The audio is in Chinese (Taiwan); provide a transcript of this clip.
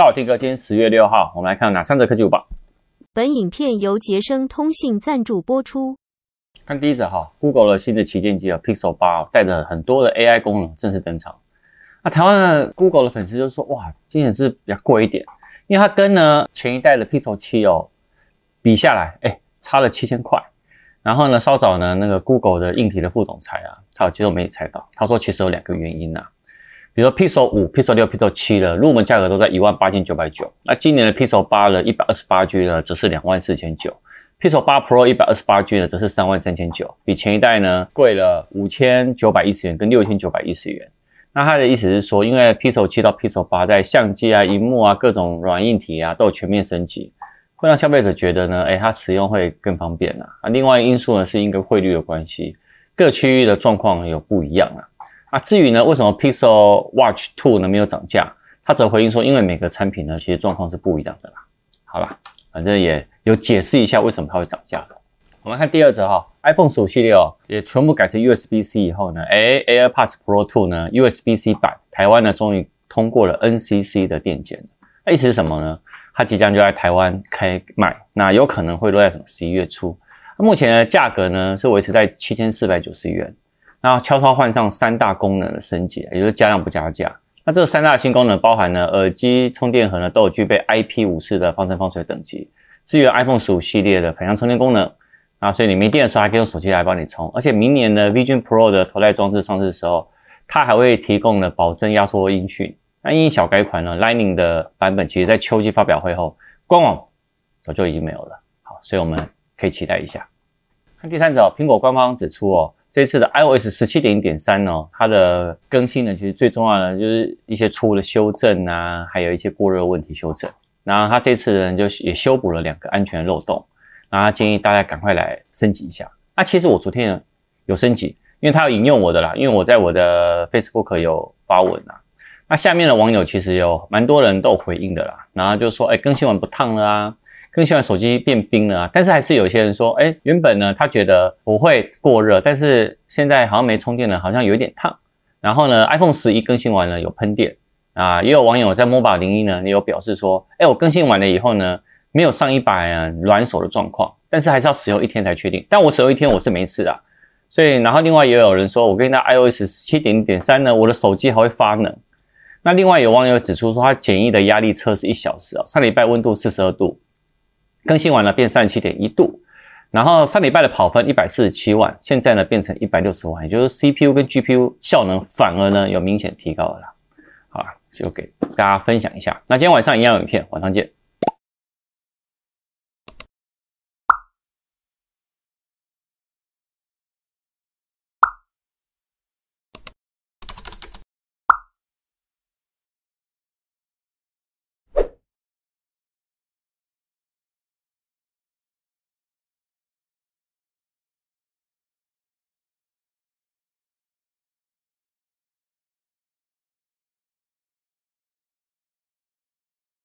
大家好，Tim 哥。今天十月六號，我們來看哪三個科技午報吧。本影片由傑生通信贊助播出。看第一則哈，Google 的新的旗艦機啊，Pixel 八帶着很多的 AI 功能正式登場。那、啊、台灣 Google 的粉絲就是說，哇，今年是比較貴一點，因為它跟呢前一代的 Pixel 七哦比下來，哎、欸，差了七千塊。然後呢，稍早呢，那個 Google 的硬體的副總裁啊，他其實我沒有猜到，他說其實有兩個原因呢、啊。比如說 5,，Pixel 五、Pixel 六、Pixel 七的入門價格都在一萬八千九百九。那今年的 Pixel 八的一百二十八 G 的則是兩萬四千九，Pixel 八 Pro 一百二十八 G 的則是三萬三千九，比前一代呢貴了五千九百一十元跟六千九百一十元。那它的意思是說，因為 Pixel 七到 Pixel 八在相機啊、熒幕啊、各種軟硬體啊都有全面升級，會讓消費者覺得呢，哎，它使用會更方便了。啊，那另外因素呢是因為匯率的關係，各區域的狀況有不一樣啊。啊，至於呢，為什麼 Pixel Watch Two 呢沒有漲價？他則回應說，因為每個產品呢，其實狀況是不一樣的啦。好啦，反正也有解釋一下為什麼它會漲價的。我們看第二則哈，iPhone 15系列哦，也全部改成 USB-C 以後呢，誒 AirPods Pro 2呢 USB-C 版，台灣呢終於通過了 NCC 的電檢，那意思是什麼呢？它即將就在台灣開賣，那有可能會落在什麼十一月初。那目前的價格呢是維持在七千四百九十元。那悄悄換上三大功能的升級，也就是加量不加價。那這三大新功能包含呢，耳機、充電盒呢都有具備 IP 五四的防塵防水等級，至於 iPhone 十五系列的反向充電功能。那所以你沒電的時候，還可以用手機來幫你充。而且明年呢，Vision Pro 的頭戴裝置上市的時候，它還會提供了保真壓縮音訊。那因小改款呢，Lightning 的版本其實在秋季發表會後官網早就已經沒有了。好，所以我們可以期待一下。那第三則，蘋果官方指出哦。這次的 iOS 十七點零點三呢，它的更新呢，其實最重要的就是一些錯誤的修正啊，還有一些過熱問題修正。然後它這次呢，就也修補了兩個安全漏洞，然後建議大家趕快來升級一下。那、啊、其實我昨天有升級，因為它有引用我的啦，因為我在我的 Facebook 有發文啊。那下面的網友其實有蠻多人都有回應的啦，然後就說，誒、哎、更新完不燙了啊。更新完手機變冰了啊！但是還是有些人說，哎，原本呢，他覺得不會過熱，但是現在好像沒充電了，好像有一點燙。然後呢，iPhone 十一更新完了有噴電啊，也有網友在 Mobile 01呢也有表示說，哎，我更新完了以後呢，沒有上一版暖、啊、手的狀況，但是還是要使用一天才確定。但我使用一天我是沒事的、啊。所以，然後另外也有人說，我更新到 iOS 17.0.3呢，我的手機還會發冷。那另外有網友指出說，他簡易的壓力測試一小時啊，上禮拜溫度四十二度。更新完了變三十七點一度，然後上禮拜的跑分一百四十七萬，現在呢變成一百六十萬，也就是 CPU 跟 GPU 效能反而呢有明顯提高了啦。好了，就給大家分享一下。那今天晚上一樣有影片，晚上見。